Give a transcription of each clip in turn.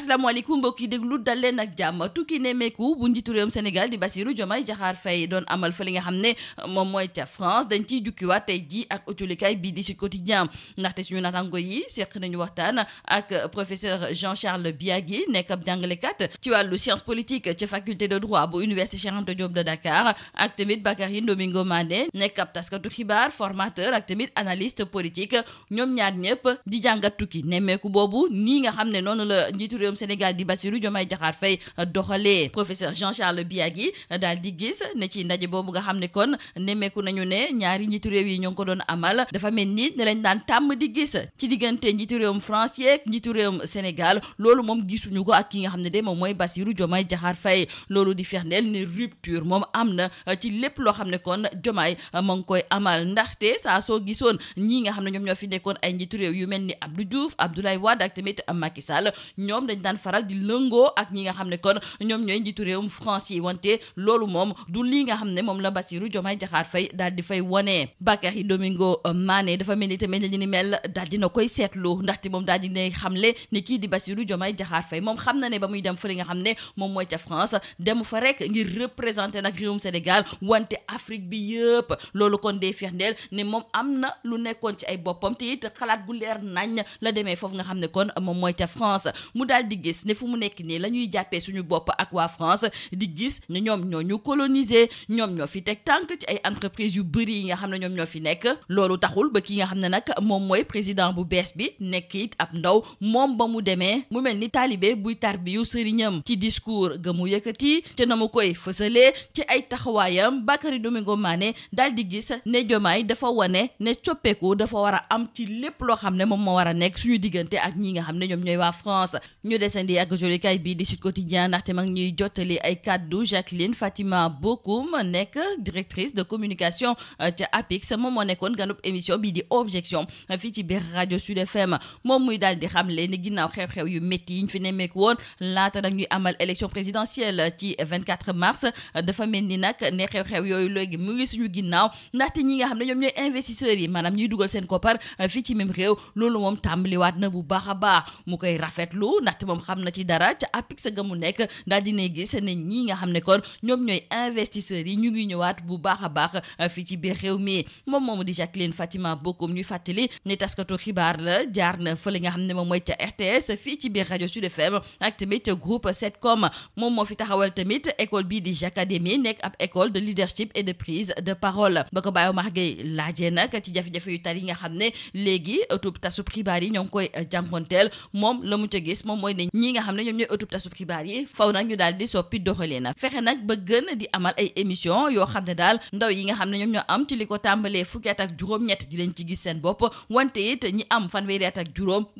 asalaamaaleykum mbokk yi déglu dal leen ak jàmm tukki nemmeeku bu njiitu réewum Sénégal di Bassirou Diomaye Diakhar Faye doon amal fa li nga xam ne moom mooy ca France dañ ciy jukkiwaat tey ji ak utilikaay bii di Sud Quotidien ndaxte suñu natango yi seq nañu waxtaan ak professeur Jean Charles Biagui nekk ab jàngalekat ci wàllu science politique ca faculté de droit bu université Cheikh Anta Diop de Dakar ak tamit Bakary Domingo Mandé nekk ab taskatu xibaar formateur réewum Sénégal di Bassirou Diomaye Diakhar Faye euh, doxalee professeur Jean Charles Biagui euh, daal di gis ne ci ndaje boobu nga xam ne kon nemmeeku nañu ne ñaari njiitu réew yi ñoo ngi ko doon amal dafa mel ni ne lañ daan tàmm di gis ci diggante njiitu réewum France yeeg njiitu réewum Sénégal loolu moom gisuñu ko ak ki nga xam ne de moom mooy Bassirou Diomaye Diakhar fay loolu di firndeel ne rupture moom am na euh, ci lépp loo xam ne kon Diomaye ma ngi koy amal ndaxte saa soo gisoon ñii nga xam ne ñoom ñoo fi nekkoon ay njiitu réew yu mel ni Abdou Diouf Abdoulaye Wade ak tamit Macky dañ daan faral di lëngoo ak ñi nga xam ne kon ñoom ñooy njiitu réewum France yi wante loolu moom du lii nga xam ne moom la Bassirou Diomaye Diakhar Faye daal di fay wone Bakary Domingo Mané dafa mel ni tamit li ni mel daal dina koy seetlu ndaxte moom daal di ne xamle ni kii di Bassirou Diomaye Diakhar Faye moom xam na ne ba muy dem fële nga xam ne moom mooy ca France dem fa rek ngir représenter nag réewum Sénégal wante Afrique bi yëpp loolu kon dee firndeel ne moom am na lu nekkoon ci ay boppam te it xalaat bu leer nañ la demee foofu nga xam ne kon moom mooy ca France mu daal di gis ne fu mu nekk nii la ñuy jàppee suñu bopp ak waa France di gis ne ñoom ñoo ñu coloniser ñoom ñoo fi teg tànk ci ay entreprise yu bëri yi nga xam ne ñoom ñoo fi nekk loolu taxul ba ki nga xam ne nag moom mooy président bu bees bi nekk it ndaw moom ba mu demee mu mel ni taalibe buy tarbiyu sëriñam ci discours ga mu yëkkati te na mu koy fësalee ci ay taxawaayam Bakary Domingo Mané daal di gis ne jomaay dafa wane ne coppeeku dafa war a am ci lépp loo xam ne moom moo war a nekk suñu diggante ak ñi nga xam ñooy waa France ñu desandi ak jolikaay bi di Sud Quotidien ndaxte mag ñuy jottali ay kaddu Jacqueline Fatima Bokoum nekk directrice de communication euh, ca APIX moom moo nekkoon ganub émission bi di objection euh, fii ci biir rajo Sud FM moom muy daal di xamle ni ginnaaw xew-xew yu métti yi ñu fi nemmeeku woon laata nag ñuy amal élection présidentielle ci 24 mars euh, dafa mel ni nag ne xew-xew yooyu léegi mu ngi suñu ginnaaw ndaxte ñi nga xam ne ñoom ñooy investisseurs yi maanaam ñuy dugal seen koppar fii ci même réew loolu moom tàmbaliwaat na bu baax a baax mu koy rafetlu moom xam na ci ne ñii nga xam ne kon ñoom ñooy investisseurs yi ñu ngi ñëwaat bu baax a baax euh, fii ci biir réew mi moom moomu di Jacqueline Fatima Bokoum ñuy fàttali ne taskatu la jaar na fële nga xam ne moom mooy ca fii ci biir rajo Sud FM ak tamit groupe Setcom moom moo fi taxawal tamit école bii di Jacadémie nekk ab école de leadership et de prise de parole ba ko bàyyi Omar Gueye laajee nag ci jafe-jafe yu tar yi nga xam ne léegi ëtub tasub xibaar yi ñoo koy euh, jànkonteel moom la mu ca gis moom mooy ne ñi nga xam ne ñoom ñooy ëtub tasub xibaar yi faw nag ñu daal soppi doxalee na fexe nag ba gën di amal ay émission yoo xam ne daal ndaw yi nga xam ne ñoom ñoo am ci li ko tàmbalee fukki at ak juróom di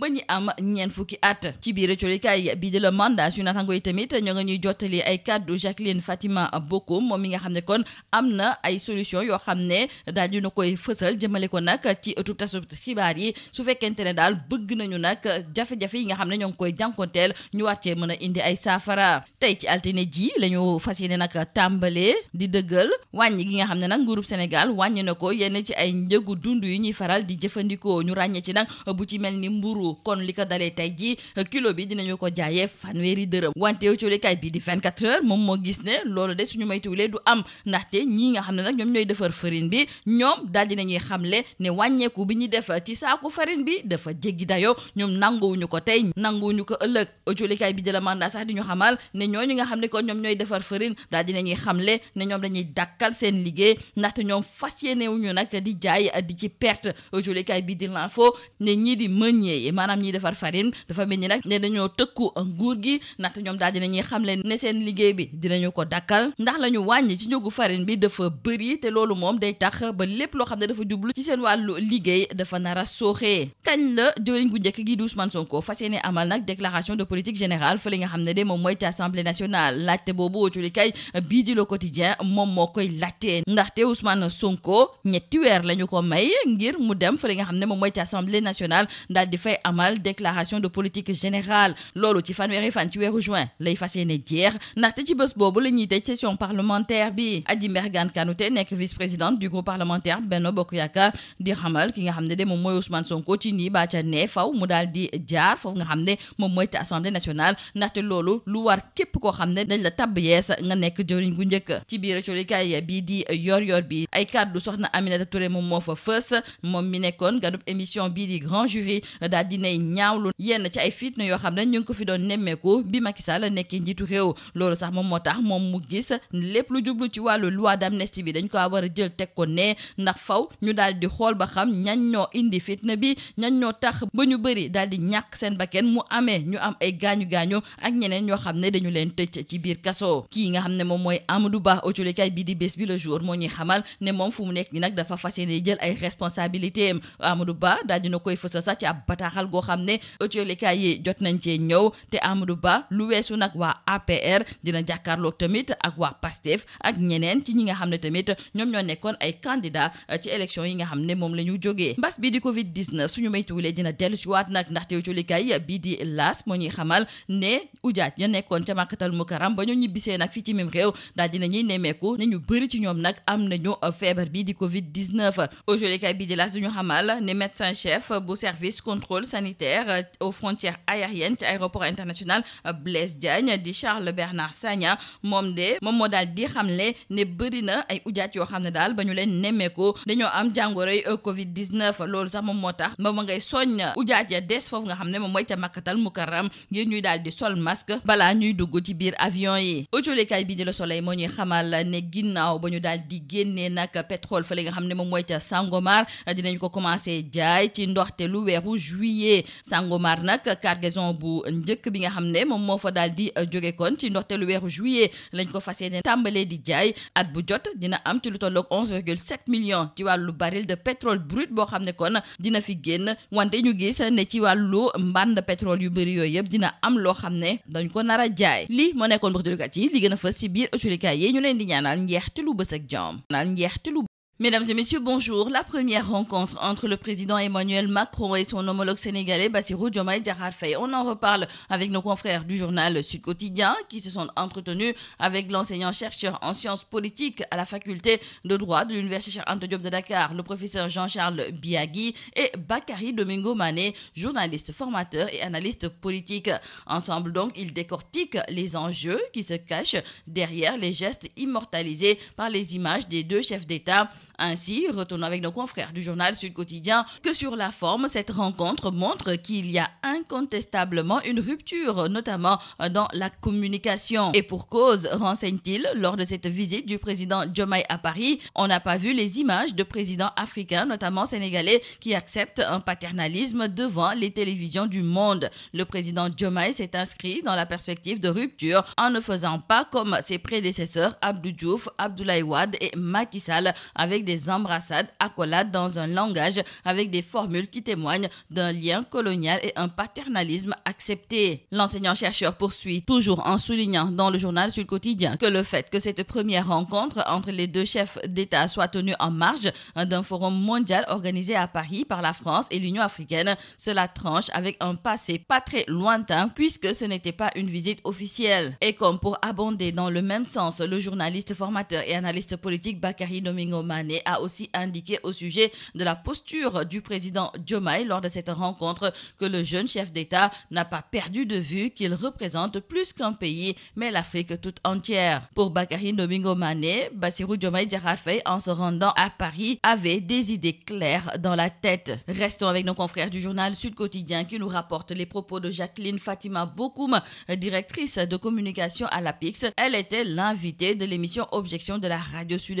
ba ñi am ñeen fukki at ci biir colikaay bi di la mandat suñu naataango yi tamit ñoo nga ñuy jottali ay kàddu Jacqueline Fatima Bokoum mi nga xam ne kon am na ay solution yoo xam ne daal dina koy fësal jëmale ko nag ci ëtub tasub xibaar yi su fekkente ne daal bëgg nañu nag jafe-jafe yi nga xam ne ñoo ngi koy jànkoon jànkonteel ñu war cee mën a indi ay saafara tey ci altine jii la ñu fas yéene nag tàmbalee di dëggal wàññi gi nga xam ne nag nguurub Sénégal wàññi na ko yenn ci ay njëgu dund yu ñuy faral di jëfandikoo ñu ràññee ci nag bu ci mel ni mburu kon li ko dalee tey jii kilo bi dinañu ko jaayee fanweeri dërëm wante coolikaay bi di 24 heures moom moo gis ne loolu de suñu maytuwulee du am ndaxte ñii nga xam ne nag ñoom ñooy defar farine bi ñoom daal dinañuy xamle ne wàññeeku bi ñuy def ci saaku farine bi dafa jéggi dayoo ëllëg julikaay bi di la mandat sax di ñu xamal ne ñooñu nga xam ne kon ñoom ñooy defar farine daal dinañuy xamle ne ñoom dañuy dàkkal seen liggéey ndaxte ñoom fas yéenewuñu nag di jaay di ci perte julikaay bi di l'info ne ñii di meunier maanaam ñiy defar farine dafa mel ni nag ne dañoo tëkku nguur gi ndaxte ñoom daal dinañuy xamle ne seen liggéey bi dinañu ko dakkal ndax la ñu wàññi ci njëgu farine bi dafa bëri te loolu moom day tax ba lépp loo xam ne dafa jublu ci seen wàllu liggéey dafa nar a sooxee kañ la jëwriñ bu njëkk gi di Ousmane Sonko fas yéene amal nag déclaration déclaration de politique générale fële nga xam ne de moom mooy ci assemblée nationale laajte boobu ci li kay bii di le quotidien moom moo koy laajte ndaxte Ousmane Sonko ñetti weer la ñu ko may ngir mu dem fële lay la ñuy tëj session parlementaire bi Adji Mergane Kanouté nekk vice-présidente du nga xam ne de moom mooy Sonko ci nii baa ca ne mu daal di jaar foofu nga xam ne moom mooy ca assemblée nationale ndaxte loolu lu war képp koo xam ne dañ la tabb yees nga nekk jëriñ gu njëkk ci biir colikaay bii di yor yor bi ay kàddu soxna Aminata Touré moom moo fa fës moom mi nekkoon ganub émission bii di grand jury daal dinay ñaawlu yenn yoo xam ne ñu ko fi doon nemmeeku bi Macky Sall nekkee njiitu réew loolu sax moom moo tax moom mu gis lépp lu jublu ci wàllu loi d'amnistie bi dañ ko war a jël teg ko ne ndax faw ñu daal di xool ba xam ñañ ñoo indi fitna bi ñañ ñoo tax ba ñu bëri daal di ñàkk seen bakkan am ay gaañu gaañu ak ñeneen ñoo xam ne dañu leen tëj ci biir kaso kii nga xam ne moom mooy Amadou Ba autolikaay bi di bés bi le jour moo ñuy xamal ne moom fu mu nekk ni nag dafa fas yéene jël ay responsabilité am Amadou Ba daal dina koy fësal sax ci ab bataaxal goo xam ne autolikaay yi jot nañ cee ñëw te Amadou Ba lu weesu nag waa APR dina jàkkaarloo tamit ak waa PASTEF ak ñeneen ci ñi nga xam ne tamit ñoom ñoo nekkoon ay candidat euh, ci élection yi nga xam ne moom la ñu jógee mbas bi di covid 19 suñu maytuwulee dina dellu si waat nag ndaxte autolikaay bii di las ma ñuy xamal ne ujaaj ya nekkoon ca màkkatal mukaram ba ñu ñibbisee nag fii ci même réew daal dina ñuy nemmeeku ne ñu bëri ci ñoom nag am nañu feebar bi di covid 19 aujourd'hui kay bii di laas xamal ne médecin chef bu service contrôle sanitaire aux frontières aériennes ci aéroport international Blaise Diagne di Charles Bernard Sagna moom de moom moo daal di xamle ne bëri na ay ujaaj yoo xam ne daal ba ñu leen nemmeeku dañoo am jàngoroy covid 19 loolu yaram ngir ñuy daal di sol masque balaa ñuy dugg ci biir avion yi ëccolekaay bi di la soleil moo ñuy ba ñu daal di génnee nag pétrole fa li nga xam ne moom mooy ca Sangomar dinañ ko commencé jaay ci ndoxte lu weeru juillet Sangomar nag cargaison bu njëkk bi nga xam ne moom moo fa dal di jóge kon ci ndoxte lu weexu juillet lañ ko fas yéene tàmbalee di jaay at bu jot dina am ci lu tolloog 11,7 millions ci wàllu baril de pétrole brut boo xam ne kon dina fi génn wante ñu gis ne ci wàllu mbànd pétrole yu bëri yooyu yooyu yëpp dina am loo xam ne dañ ko nar a jaay lii moo nekkoon mbokk déglukat yi li gën a fës ci biir ëculikaay yi ñu leen di ñaanal njeexte lu bës ak jom ñaanal njeexte lu Mesdames et messieurs, bonjour. La première rencontre entre le président Emmanuel Macron et son homologue sénégalais Bassirou Diomaye Diakhar On en reparle avec nos confrères du journal Sud Quotidien qui se sont entretenus avec l'enseignant-chercheur en sciences politiques à la faculté de droit de l'Université Cheikh de Dakar, le professeur Jean-Charles Biagui et Bakary Domingo Mané, journaliste, formateur et analyste politique. Ensemble donc, ils décortiquent les enjeux qui se cachent derrière les gestes immortalisés par les images des Ainsi, retournons avec nos confrères du journal Sud Quotidien que sur la forme, cette rencontre montre qu'il y a incontestablement une rupture, notamment dans la communication. Et pour cause, renseigne-t-il, lors de cette visite du président Diomaye à Paris, on n'a pas vu les images de présidents africains, notamment sénégalais, qui acceptent un paternalisme devant les télévisions du monde. Le président Diomaye s'est inscrit dans la perspective de rupture en des embrassades, accolades dans un langage avec des formules qui témoignent d'un lien colonial et un paternalisme accepté. L'enseignant-chercheur poursuit toujours en soulignant dans le journal Sud Quotidien que le fait que cette première rencontre entre les deux chefs d'État soit tenue en marge d'un forum mondial organisé à Paris par la France et l'Union africaine, cela tranche avec un passé pas très lointain puisque ce n'était pas une visite Traoré a aussi indiqué au sujet de la posture du président Diomaye lors de cette rencontre que le jeune chef d'État n'a pas perdu de vue qu'il représente plus qu'un pays, mais l'Afrique toute entière. Pour Bakary Domingo Mané, Bassirou Diomaye Faye, en se rendant à Paris, avait des idées claires dans la tête. Restons avec nos confrères du journal Sud Quotidien qui nous rapporte les propos de Jacqueline Fatima Bokoum, directrice de communication à la radio Sud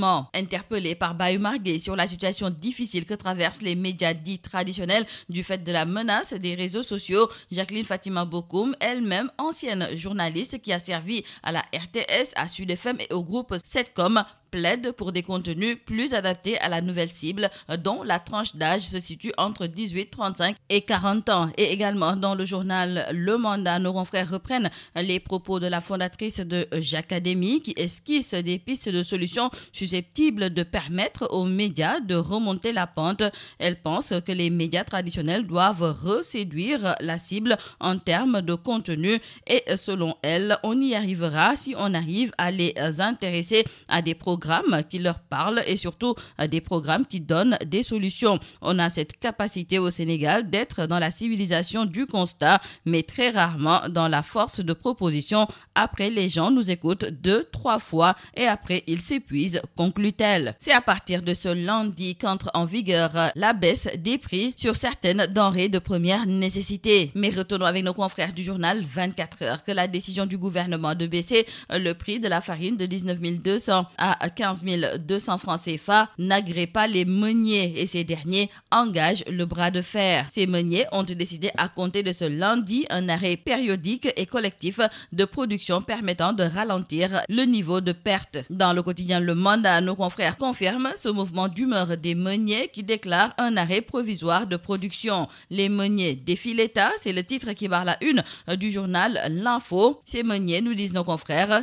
recrutement. Interpellé par Bayoumar Gueye sur la situation difficile que traversent les médias dits traditionnels du fait de la menace des réseaux sociaux, Jacqueline Fatima Bokoum, elle-même ancienne journaliste qui a servi à la RTS, à Sud FM et au groupe Setcom, plaide pour des contenus plus adaptés à la nouvelle cible dont la tranche d'âge se situe entre et ans. Et également dans le journal Le Mandat, nos confrères reprennent les propos de la fondatrice de Jacadémie qui esquisse des pistes de solutions susceptibles de permettre aux médias de remonter la pente. Elle pense que les médias traditionnels doivent reséduire la cible en termes de contenu et selon elle, on y arrivera si on arrive à les intéresser programmes qui leur parlent et surtout euh, des programmes qui donnent des solutions. On a cette capacité au Sénégal d'être dans la civilisation du constat, mais très rarement dans la force de proposition. Après, les gens nous écoutent deux, trois fois et après, ils s'épuisent, conclut-elle. C'est à partir de ce lundi qu'entre en vigueur euh, la baisse des prix sur certaines denrées de première nécessité. Mais retenons avec nos confrères du journal heures que la décision du gouvernement 15 200 francs CFA pas les meuniers et ces derniers engagent le bras de fer. Ces meuniers ont décidé à compter de ce lundi un arrêt périodique et collectif de production permettant de ralentir le niveau de perte. Dans le quotidien Le Monde, nos confrères confirment ce mouvement d'humeur des meuniers qui déclare un arrêt provisoire de production. Les meuniers défient l'État, c'est le titre qui barre la une du journal L'Info. Ces meuniers, nous disent nos confrères,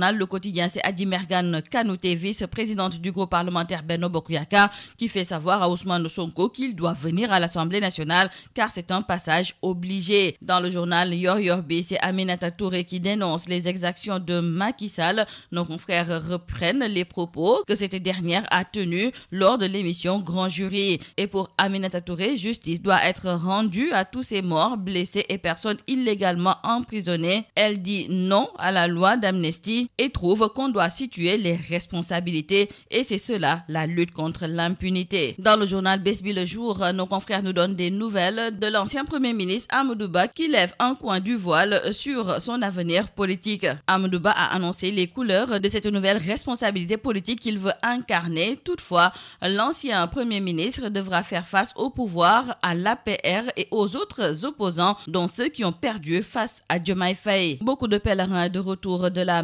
journal Le Quotidien, c'est Adi Mergan Kanouté, vice-présidente du groupe parlementaire Benno Bokuyakar, qui fait savoir à Ousmane Sonko qu'il doit venir à l'Assemblée nationale car c'est un passage obligé. Dans le journal Yor c'est Aminata qui dénonce les exactions de Macky Sall. Nos confrères reprennent les propos que cette dernière a tenus lors de l'émission Grand Jury. Et pour Aminata justice doit être rendue à tous ces morts, blessés et personnes illégalement et trouve qu'on doit situer les responsabilités et c'est cela la lutte contre l'impunité. Dans le journal Besbi le jour, nos confrères nous donnent des nouvelles de l'ancien Premier ministre Amadouba qui lève un coin du voile sur son avenir politique. Amadouba a annoncé les couleurs de cette nouvelle responsabilité politique qu'il veut incarner. Toutefois, l'ancien Premier ministre devra faire face au pouvoir, à l'APR et aux autres opposants, dont ceux qui ont perdu face à Diomaye Faye. Beaucoup de pèlerins de retour de la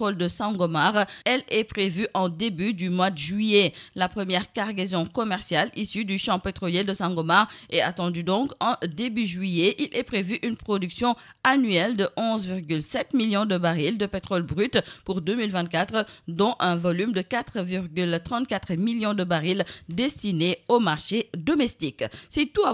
pétrole de Sangomar. Elle est prévue en début du mois de juillet. La première cargaison commerciale issue du champ pétrolier de Sangomar est attendue donc en début juillet. Il est prévu une production de 11,7 millions de barils de pétrole brut pour 2024, dont un volume de 4,34 millions de barils destinés au marché domestique. C'est tout à